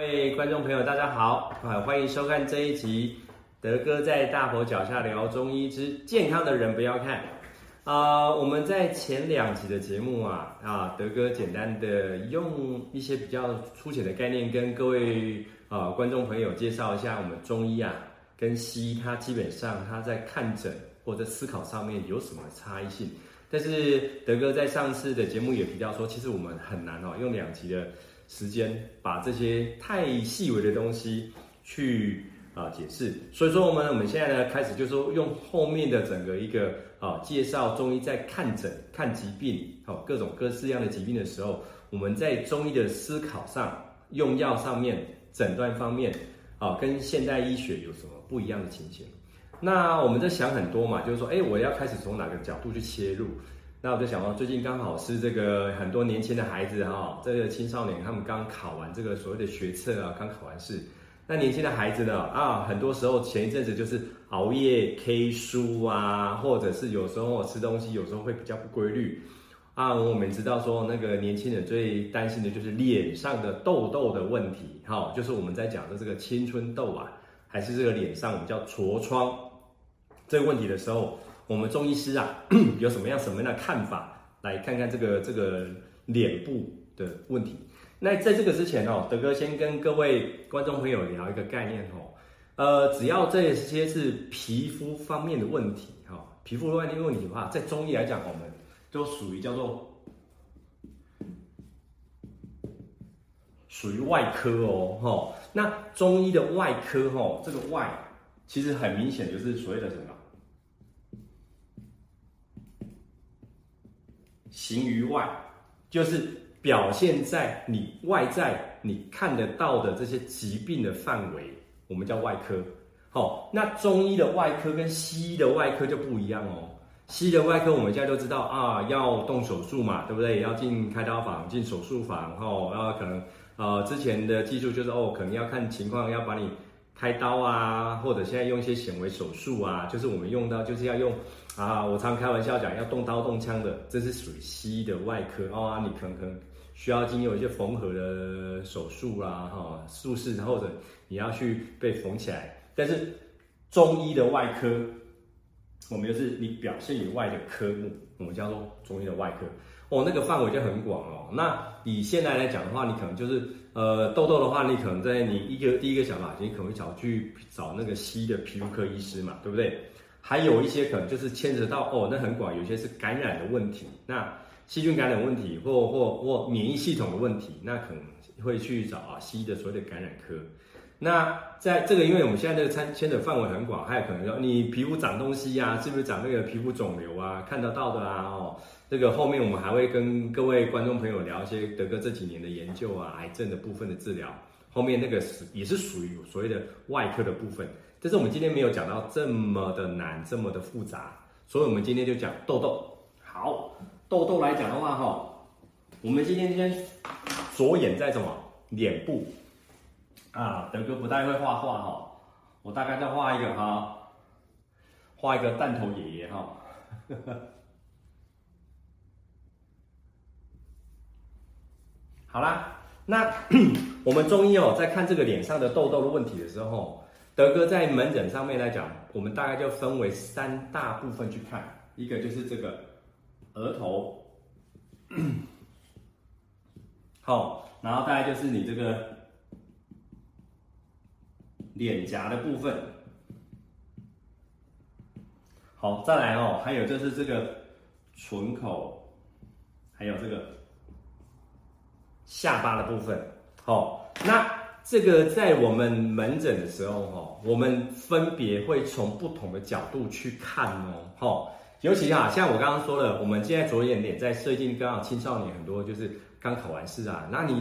各位觀眾朋友，大家好！啊，歡迎收看這一集《德哥在大佛腳下聊中醫之健康的人不要看》啊、呃。我們在前兩集的節目啊啊，德哥簡單的用一些比較粗淺的概念，跟各位啊觀眾朋友介紹一下，我們中醫啊跟西醫，它基本上它在看診或者思考上面有什麼差異性。但是德哥在上次的節目也提到說，其實我們很難哦，用兩集的。時間把這些太細微的東西去啊解釋，所以說我們我們現在呢開始就是說用後面的整個一個啊介紹中醫在看診看疾病好、啊、各種各式樣的疾病的時候，我們在中醫的思考上、用藥上面、診斷方面啊跟現代醫學有什麼不一樣的情形？那我們在想很多嘛，就是說哎我要開始從哪個角度去切入？那我就想到，最近剛好是這個很多年輕的孩子哈、哦，這個青少年他們剛考完這個所謂的學測啊，剛考完試。那年輕的孩子呢啊，很多時候前一陣子就是熬夜 K 書啊，或者是有時候吃東西，有時候會比較不規律。啊，我們知道說那個年輕人最擔心的就是臉上的痘痘的問題，哈、啊，就是我們在講的這個青春痘啊，還是這個臉上我們叫痤瘡這個問題的時候。我們中醫師啊， 有什麼樣什麼樣的看法？來看看這個這個臉部的問題。那在這個之前哦，德哥先跟各位觀眾朋友聊一個概念哦。呃，只要這些是皮膚方面的問題哈、哦，皮膚方面的問題的話，在中醫來講，我們都屬於叫做屬於外科哦。哈、哦，那中醫的外科哈、哦，這個外其實很明顯就是所謂的什麼？形於外，就是表現在你外在、你看得到的這些疾病的範圍，我們叫外科。好、哦，那中醫的外科跟西醫的外科就不一樣哦。西醫的外科，我們現在都知道啊，要動手術嘛，對不對？要進開刀房、進手術房，哦、然後可能呃，之前的技術就是哦，可能要看情況，要把你開刀啊，或者現在用一些顯微手術啊，就是我們用到，就是要用。啊，我常開玩笑講，要動刀動槍的，這是屬於西醫的外科哦。你可能，可能需要進行一些縫合的手術啦、啊，哈，術式，或者你要去被縫起來。但是中醫的外科，我們就是你表現以外的科目，我們叫做中醫的外科哦。那個範圍就很廣哦。那以現在來講的話，你可能就是，呃，痘痘的話，你可能在你一個第一個想法，你可能會找去找那個西醫的皮膚科醫師嘛，對不對？還有一些可能就是牽扯到哦，那很廣，有些是感染的問題，那細菌感染問題或，或或或免疫系統的問題，那可能會去找啊西醫的所謂的感染科。那在這個，因為我們現在這個參牽扯範圍很廣，還有可能說你皮膚長東西啊，是不是長那個皮膚腫瘤啊，看得到，到的啦、啊、哦，這個後面我們還會跟各位觀眾朋友聊一些德哥這幾年的研究啊，癌症的部分的治療。後面那個是也是屬於所謂的外科的部分，但是我們今天沒有講到這麼的難，這麼的複雜，所以我們今天就講痘痘。好，痘痘來講的話，哈，我們今天先着眼在什麼？臉部。啊，德哥不太會畫畫哈，我大概再畫一個哈，畫一個彈頭爺爺哈。好啦。那 我們中醫哦，在看這個臉上的痘痘的問題的時候，德哥在門診上面來講，我們大概就分為三大部分去看，一個就是這個額頭，好，然後大概就是你這個臉頰的部分，好，再來哦，還有就是這個唇口，還有這個。下巴的部分，好、哦，那這個在我們門診的時候，哈、哦，我們分別會從不同的角度去看哦，好、哦，尤其啊，像我剛剛說了，我們現在着眼點在最近，剛好青少年很多就是剛考完試啊，那你，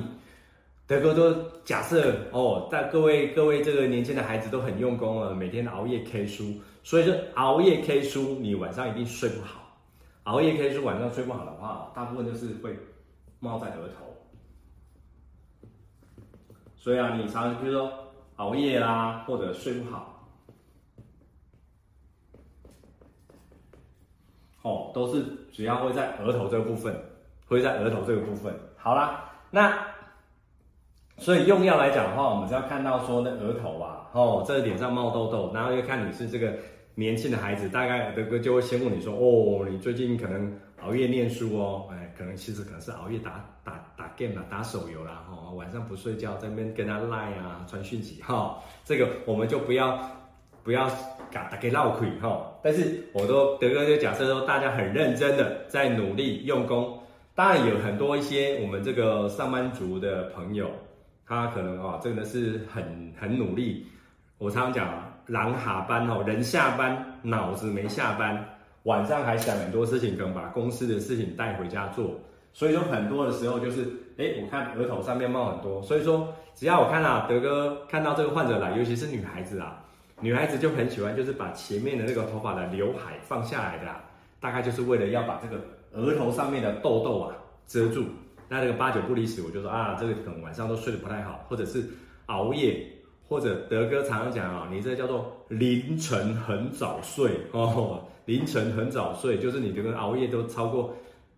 德哥都假設哦，在各位各位這個年輕的孩子都很用功了、啊，每天熬夜 K 書，所以說熬夜 K 書，你晚上一定睡不好，熬夜 K 書晚上睡不好的話，大部分就是會冒在額頭。所以啊，你常常譬如說熬夜啦，或者睡不好，哦，都是主要會在額頭這個部分，會在額頭這個部分。好啦，那所以用藥來講的話，我們只要看到說那額頭啊，哦，這臉上冒痘痘，然後又看你是這個年輕的孩子，大概這就會先問你說，哦，你最近可能。熬夜念書哦，欸，可能其實可能是熬夜打打打 game 啊，打手遊啦，吼，晚上不睡覺在那邊跟他 line 啊，傳訊息哈，這個我們就不要不要打給鬧虧哈。但是我都德哥就假設說大家很認真的在努力用功，當然有很多一些我們這個上班族的朋友，他可能啊真的是很很努力。我常常講啊，狼下班哦，人下班腦子沒下班。晚上還想很多事情，可能把公司的事情帶回家做，所以說很多的時候就是，哎、欸，我看額頭上面冒很多，所以說只要我看到、啊、德哥看到這個患者啦，尤其是女孩子啊，女孩子就很喜歡，就是把前面的那個頭髮的劉海放下來的、啊，大概就是為了要把這個額頭上面的痘痘啊遮住。那這個八九不離十，我就說啊，這個可能晚上都睡得不太好，或者是熬夜，或者德哥常常講啊，你這個叫做凌晨很早睡哦。呵呵凌晨很早睡，就是你這個熬夜都超過，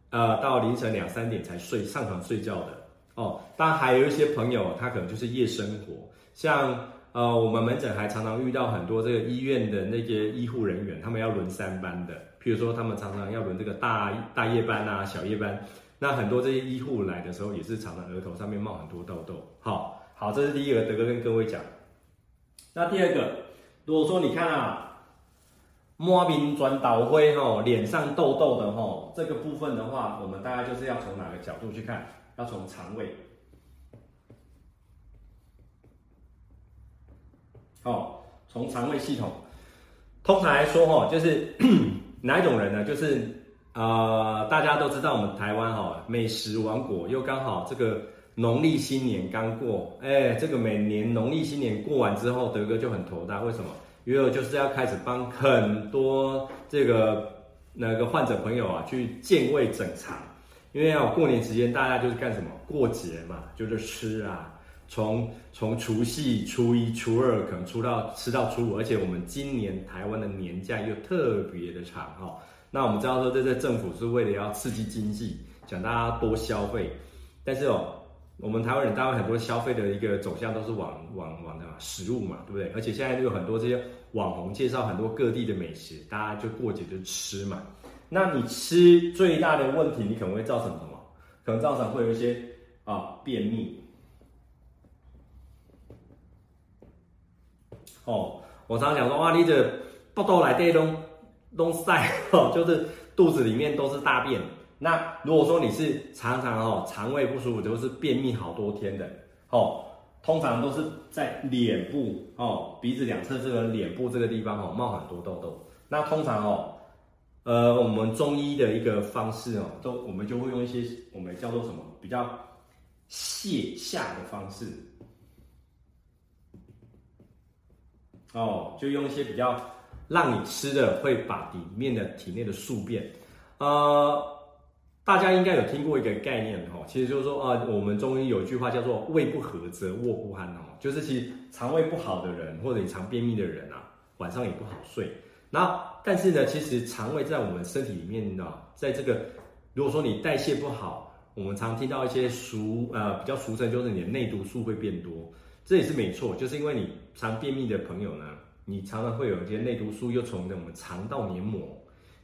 呃，到凌晨兩三點才睡上床睡覺的哦。但還有一些朋友，他可能就是夜生活，像呃，我們門診還常常遇到很多這個醫院的那些醫護人員，他們要輪三班的，譬如說他們常常要輪這個大大夜班啊、小夜班。那很多這些醫護來的時候，也是常常額頭上面冒很多痘痘。好、哦，好，這是第一個，德哥跟各位講。那第二個，如果說你看啊。摸冰轉導灰吼，臉上痘痘的吼，這個部分的話，我們大概就是要從哪個角度去看？要從腸胃。好，從腸胃系統。通常來說，吼，就是 哪一種人呢？就是、呃、大家都知道我們台灣吼，美食王國，又剛好這個農曆新年剛過，哎，這個每年農曆新年過完之後，德哥就很頭大，為什麼？因為我就是要開始幫很多這個那個患者朋友啊去健胃整腸，因為要、哦、過年時間，大家就是幹什麼？過節嘛，就是吃啊。從從除夕、初一、初二，可能出到吃到初五。而且我們今年台灣的年假又特別的長哦，那我們知道說，這這政府是為了要刺激經濟，想大家多消費，但是哦。我們台灣人當然很多消費的一個走向都是往往往的食物嘛，對不對？而且現在就有很多這些網紅介紹很多各地的美食，大家就過節就吃嘛。那你吃最大的問題，你可能會造成什麼？可能造成會有一些啊便秘。哦，我常常講說，哇，你這肚子內底都晒，哦，塞，就是肚子裡面都是大便。那如果說你是常常哦腸胃不舒服，就是便秘好多天的，哦，通常都是在臉部哦，鼻子兩側這個臉部這個地方哦，冒很多痘痘。那通常哦，呃，我們中醫的一個方式哦，都我們就會用一些我們叫做什麼比較瀉下的方式哦，就用一些比較讓你吃的會把裡面的體內的宿便，呃。大家應該有聽過一個概念哈，其實就是說啊，我們中醫有一句話叫做“胃不和則臥不安”哦，就是其實腸胃不好的人，或者你常便秘的人啊，晚上也不好睡。然後，但是呢，其實腸胃在我們身體裡面呢，在這個如果說你代謝不好，我們常聽到一些俗呃比較俗稱就是你的內毒素會變多，這也是沒錯，就是因為你常便秘的朋友呢，你常常會有一些內毒素又從我們腸道黏膜。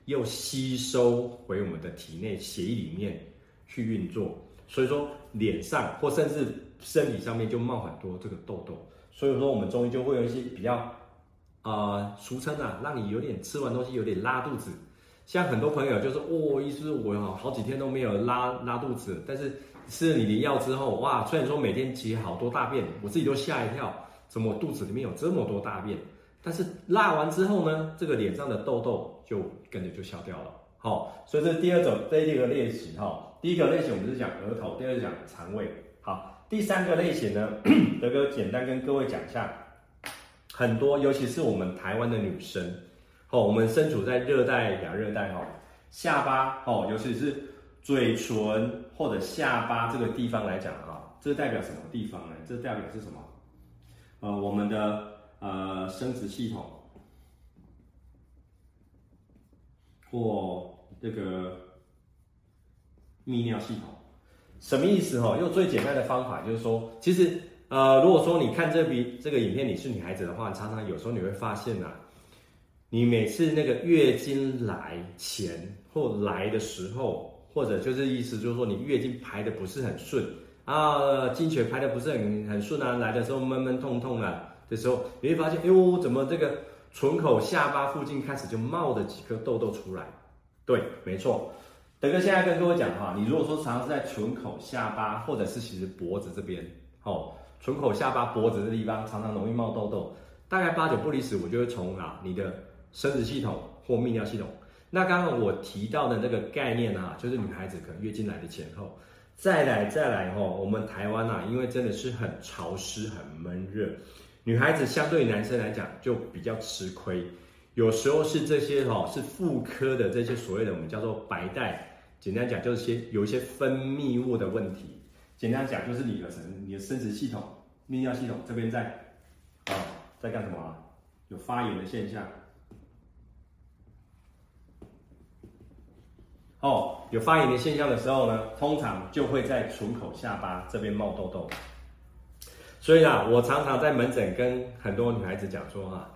又吸收回我們的體內血液裡面去運作，所以說，臉上或甚至身體上面就冒很多這個痘痘。所以說我們中醫就會有一些比較，啊、呃，俗稱啊，讓你有點吃完東西有點拉肚子。像很多朋友就是，哦，醫師，我好幾天都沒有拉拉肚子，但是吃了你的藥之後，哇，雖然說每天解好多大便，我自己都嚇一跳，怎麼我肚子裡面有這麼多大便？但是辣完之後呢，這個臉上的痘痘就跟着就消掉了。好，所以這是第二種第一個類型哈。第一個類型我們是講額頭，第二個講腸胃。好，第三個類型呢，德哥簡單跟各位講一下。很多，尤其是我們台灣的女生，哦，我們身處在熱帶亞熱帶哈，下巴哦，尤其是嘴唇或者下巴這個地方來講的話，這代表什麼地方呢？這代表是什麼？呃，我們的。呃，生殖系統或這個泌尿系統，什麼意思哈、哦？用最簡單的方法就是說，其實呃，如果說你看這筆這個影片你是女孩子的話，常常有時候你會發現吶、啊，你每次那個月經來前或來的時候，或者就是意思就是說你月經排的不是很順啊，經、呃、血排的不是很很順啊，來的時候悶悶痛痛啊。這時候，你會發現，哎呦，怎麼這個唇口、下巴附近開始就冒着幾顆痘痘出來？對，沒錯。德哥現在跟各位講的話，你如果說常常是在唇口、下巴，或者是其實脖子這邊，哦，唇口、下巴、脖子這地方常常容易冒痘痘，大概八九不離十，我就會從啊，你的生殖系統或泌尿系統。那剛剛我提到的那個概念啊，就是女孩子可能月經來的前後，再來再來哦，我們台灣啊，因為真的是很潮濕、很悶熱。女孩子相對男生來講就比較吃虧，有時候是這些哈，是婦科的這些所謂的我們叫做白帶，簡單講就是些有一些分泌物的問題，簡單講就是你的什你的生殖系統、泌尿系統這邊在啊，在幹什麼？有發炎的現象。哦，有發炎的現象的時候呢，通常就會在唇口下巴這邊冒痘痘。所以啊，我常常在門診跟很多女孩子講說、啊，哈，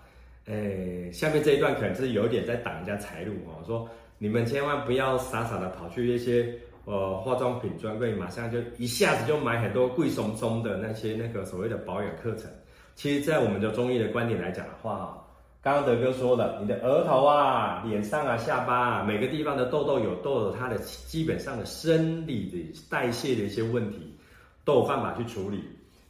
誒，下面這一段可能是有點在擋人家財路哦。說你們千萬不要傻傻的跑去一些呃化妝品專櫃，馬上就一下子就買很多貴鬆鬆的那些那個所謂的保養課程。其實，在我們的中醫的觀點來講的話，哈、哦，剛剛德哥說了，你的額頭啊、臉上啊、下巴、啊、每個地方的痘痘有痘有痘，它的基本上的生理的代謝的一些問題，都有辦法去處理。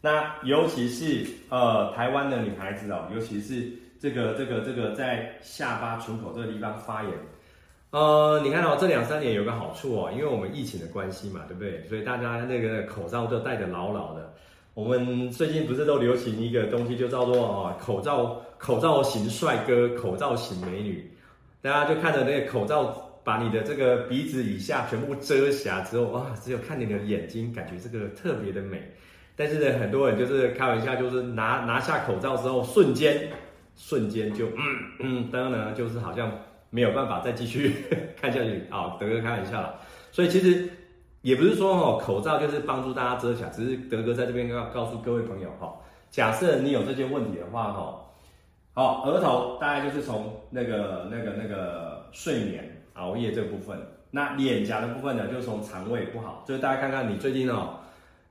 那尤其是呃台灣的女孩子，哦，尤其是這個這個這個在下巴、唇口，這個地方發炎。呃，你看哦，這兩三年有個好處哦，因為我們疫情的關係嘛，對不對？所以大家那個口罩都戴得牢牢的。我們最近不是都流行一個東西，就叫做哦，口罩口罩型帥哥、口罩型美女。大家就看着那個口罩把你的這個鼻子以下全部遮瑕之後，哇、哦，只有看你的眼睛，感覺這個特別的美。但是呢，很多人就是開玩笑，就是拿拿下口罩之後，瞬間瞬間就嗯嗯，嗯當然呢就是好像沒有辦法再繼續呵呵看下去好、哦，德哥開玩笑了。所以其實也不是說哦，口罩就是幫助大家遮瑕，只是德哥在這邊要告告訴各位朋友哈、哦，假設你有這些問題的話哈，好、哦，額頭大概就是從那個那個、那個、那個睡眠熬夜這個部分，那臉頰的部分呢，就是從腸胃不好，就是大家看看你最近哦。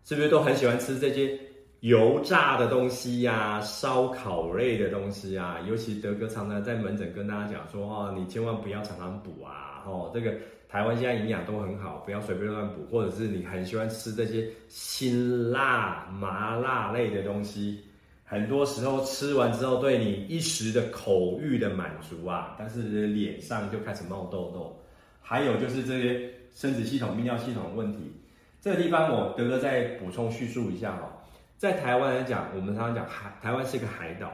是不是都很喜歡吃這些油炸的東西呀、啊、燒烤類的東西啊？尤其德哥常常在門診跟大家講說，哦，你千萬不要常常補啊，哦，這個台灣現在營養都很好，不要隨便亂補。或者是你很喜歡吃這些辛辣、麻辣類的東西，很多時候吃完之後，對你一時的口欲的滿足啊，但是臉上就開始冒痘痘，還有就是這些生殖系統、泌尿系統的問題。這個地方我德哥再補充敘述一下哈，在台灣來講，我們常常講海，台灣是一個海島。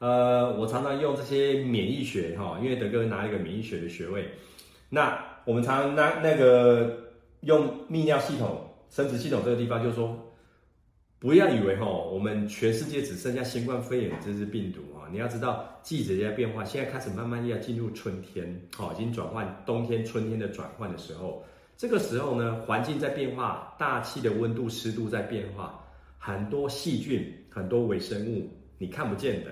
呃，我常常用這些免疫學哈，因為德哥拿了一個免疫學的學位。那我們常常拿那個用泌尿系統、生殖系統這個地方，就是說不要以為哈，我們全世界只剩下新冠肺炎的這隻病毒啊，你要知道季節在變化，現在開始慢慢要進入春天，哈，已經轉換冬天、春天的轉換的時候。這個時候呢，環境在變化，大氣的溫度、濕度在變化，很多細菌、很多微生物，你看不見的，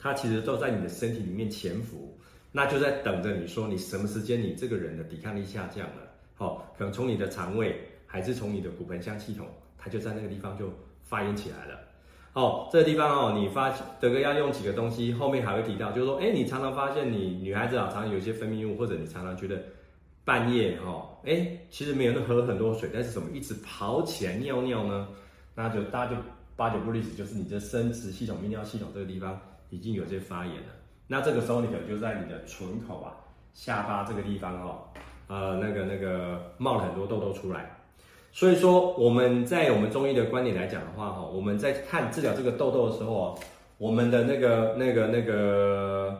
它其實都在你的身體裡面潛伏，那就在等着你說你什麼時間你這個人的抵抗力下降了，好，可能從你的腸胃，還是從你的骨盆腔系統，它就在那個地方就發炎起來了。好，這個地方哦，你發德哥要用幾個東西，後面還會提到，就是說，哎，你常常發現你女孩子啊，常常有一些分泌物，或者你常常覺得。半夜哈，哎、欸，其實沒有喝很多水，但是怎麼一直跑起來尿尿呢？那就大家就八九不離十，就是你這生殖系統、泌尿系統這個地方已經有些發炎了。那這個時候你可能就在你的唇口啊、下巴這個地方哦，呃，那個那個冒了很多痘痘出來。所以說我們在我們中醫的觀點來講的話哈，我們在看治療這個痘痘的時候哦，我們的那個那個那個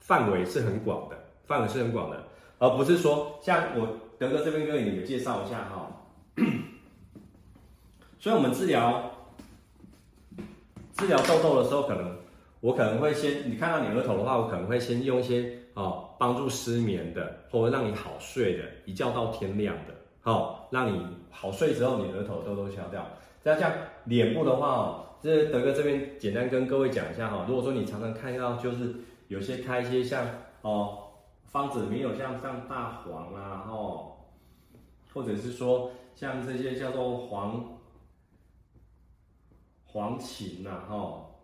範圍是很廣的，範圍是很廣的。而不是說像我德哥這邊跟你們介紹一下哈，所以我們治療治療痘痘的時候，可能我可能會先，你看到你額頭的話，我可能會先用一些哦幫、喔、助失眠的，或者讓你好睡的，一覺到天亮的，好、喔、讓你好睡之後，你額頭痘、痘痘消掉。這樣像臉部的話，喔、就是、德哥這邊簡單跟各位講一下哈、喔，如果說你常常看到就是有些開一些像哦。喔方子沒有像像大黃啊，吼，或者是說像這些叫做黃黃芩吶，吼，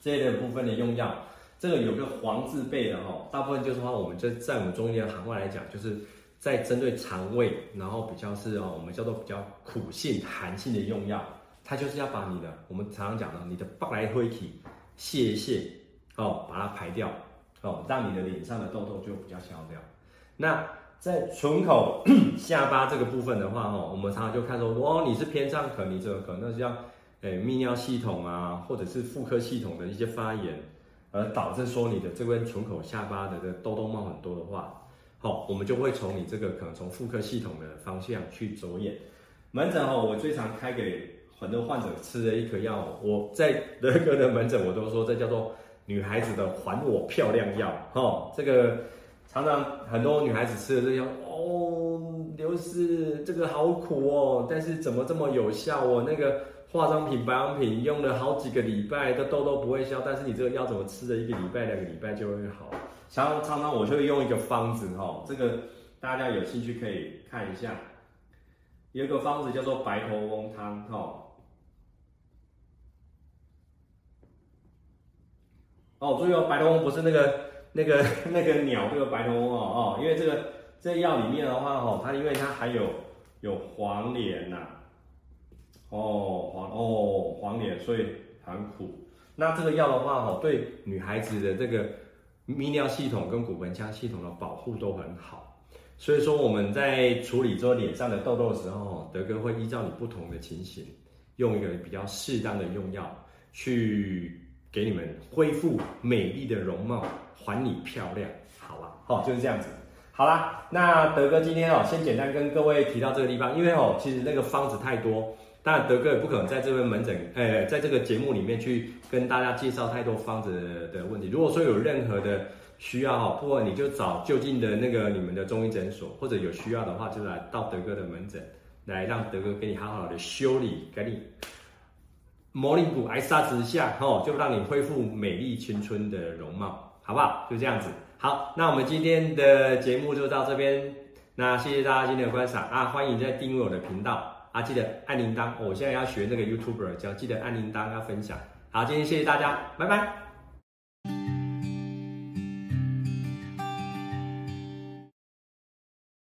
這一類部分的用藥，這個有個黃字輩的吼，大部分就是說，我們在在我們中醫的行話來講，就是在針對腸胃，然後比較是哦，我們叫做比較苦性寒性的用藥，它就是要把你的，我們常常講的你的白來灰體泄一泄，哦，把它排掉。哦，讓你的臉上的痘痘就比較消掉。那在唇口、下巴這個部分的話，哦，我們常常就看說，哦，你是偏上，可能你這個可能那是要，欸，泌尿系統啊，或者是婦科系統的一些發炎，而導致說你的這邊唇口、下巴的的痘痘冒很多的話，好，哦，我們就會從你這個可能從婦科系統的方向去著眼。門診哦，我最常開給很多患者吃的一顆藥，我在德哥的門診我都說這叫做，女孩子的還我漂亮藥哈、哦，這個常常很多女孩子吃的這個哦，劉師，這個好苦哦，但是怎麼這麼有效哦？那個化妝品、保養品用了好幾個禮拜的痘痘不會消，但是你這個藥怎麼吃的一個禮拜、兩個禮拜就會好。然後常常我就用一個方子哈、哦，這個大家有興趣可以看一下，有一個方子叫做白頭翁湯哈。哦哦，注意哦，白頭翁不是那個、那個、那個鳥，這個白頭翁哦哦，因為這個這藥裡面的話哦，它因為它還有有黃連吶、啊，哦黃哦黃連，所以很苦。那這個藥的話哦，對女孩子的這個泌尿系統跟骨盆腔系統的保護都很好，所以說我們在處理這個臉上的痘痘的時候，德哥會依照你不同的情形，用一個比較適當的用藥去。給你們恢復美麗的容貌，還你漂亮，好吧？好、哦，就是這樣子。好啦，那德哥今天哦，先簡單跟各位提到這個地方，因為哦，其實那個方子太多，當然，德哥也不可能在這邊門診，哎、呃，在這個節目裡面去跟大家介紹太多方子的，的問題。如果說有任何的需要哈，不過你就找就近的那個你們的中醫診所，或者有需要的話，就來到德哥的門診，來讓德哥給你好好的修理，給你。魔力骨，白沙之下，吼，就讓你恢復美麗青春的容貌，好不好？就這樣子。好，那我們今天的節目就到這邊。那謝謝大家今天的觀賞啊，歡迎再訂閱我的頻道啊，記得按鈴鐺、哦。我現在要學那個 YouTuber，只要記得按鈴鐺要分享。好，今天謝謝大家，拜拜。